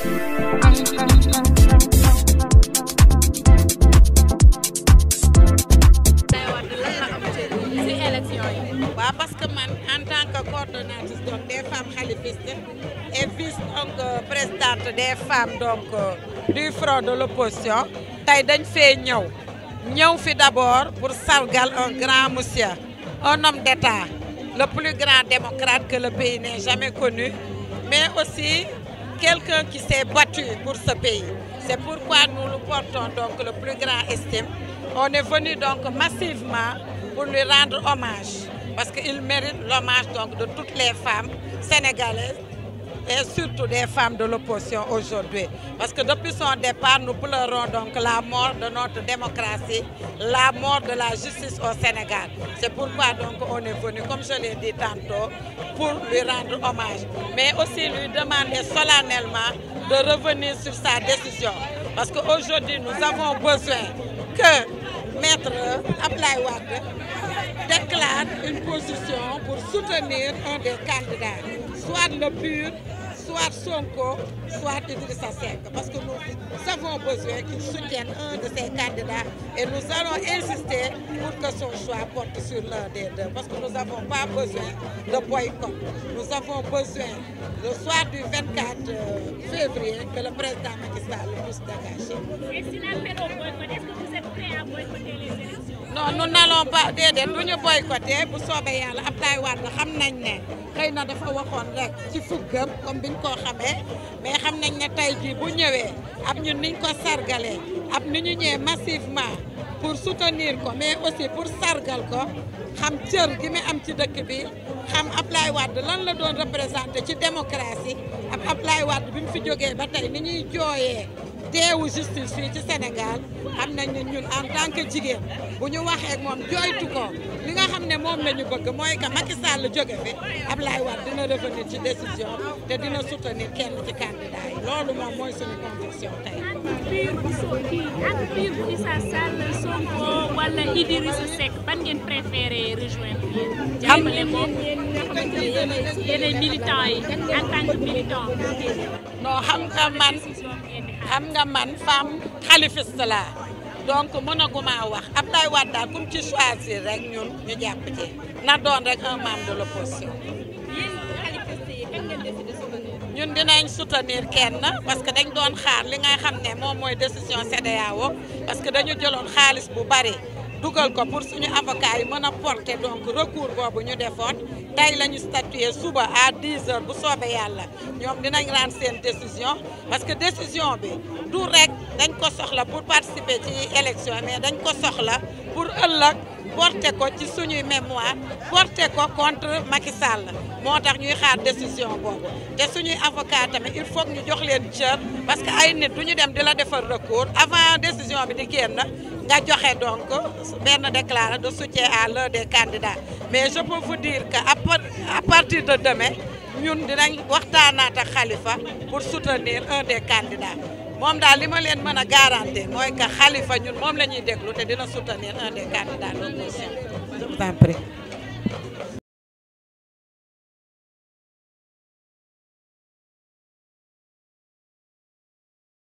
que en tant des femmes vice-présidente euh, des donc euh, du front de l'opposition tey fait Nous fait d'abord pour saluer un grand monsieur un homme d'État le plus grand démocrate que le pays n'ait jamais connu mais aussi quelqu'un qui s'est battu pour ce pays. C'est pourquoi nous le portons donc le plus grand estime. On est venu donc massivement pour lui rendre hommage parce qu'il mérite l'hommage donc de toutes les femmes sénégalaises et surtout des femmes de l'opposition aujourd'hui. Parce que depuis son départ, nous pleurons donc la mort de notre démocratie, la mort de la justice au Sénégal. C'est pourquoi donc on est venu, comme je l'ai dit tantôt, pour lui rendre hommage. Mais aussi lui demander solennellement de revenir sur sa décision. Parce qu'aujourd'hui, nous avons besoin que Maître Ablaï déclare une position pour soutenir un des candidats soit le pur, soit son corps, soit Idrissa Seck, parce que nous avons besoin qu'il soutienne un de ces candidats et nous allons insister pour que son choix porte sur l'un des deux, parce que nous n'avons pas besoin de boycott. Nous avons besoin, le soir du 24 euh, février, que le président Macky puisse dégager. Et si est-ce que vous êtes prêt à boycotter les non nous n'allons pas déedéet du ñu boycotté bu soobee yàlla Abdoulaye Wade xam nañ ne xëy na dafa waxoon rek ci fuggam comme biñ ko xamee mais xam nañ ne tey jii bu ñëwee ab ñun niñ ko sargalee ab ni ñu ñëwee massivement pour soutenir ko mais aussi pour sargal ko xam cër gi mu am ci dëkk bi xam Abdoulaye Wade lan la doon représenté ci démocratie ab Abdoulaye Wade bi mu fi jógee ba tey ni ñuy jooyee teewu justice fii ci Sénégal xam na ne ñun en tant que jigéen bu ñu waxee ak moom jooytu ko li nga xam ne moom na ñu bëgg mooy que Macky Sall jóge fi Ablaye Wade dina revenir ci décision te dina soutenir kenn ci candidat loolu moom mooy suñu conviction xam nga man xam nga man femme xalifiste laa donc wax Abdoulaye Wade daal ci choisir rek ñu jàpp ci na doon rek un membre de l'opposition ñun dinañ soutenir kenn parce que dañ doon xaar li nga xam ne moom mooy décision CEDEAO parce que dañu jëloon xaalis bu bari dugal ko pour suñu avocat yi mën a porter donc recours boobu ñu defoon tey la ñu statuer suba à 10 heures bu soobee yàlla ñoom dinañ rendre seen décision parce que décision bi du rek dañ ko soxla pour participer ci élection mais dañ ko soxla pour ëllëg quoi? ko ci mémoire portez ko contre Macky Sall moo tax ñuy xaar décision boobu te suñuy avocat mais il faut nous jox les cër parce que ay nit du de dem la recours avant décision bi di génn donc de soutenir l'un des candidats mais je peux vous dire qu'à partir de demain ñun allons un autre Khalifa pour soutenir un des candidats moom daal li ma leen mën a garantir mooy que Khalifa ñun moom la ñuy déglu te dina soutenir un des candidats de l'opposition.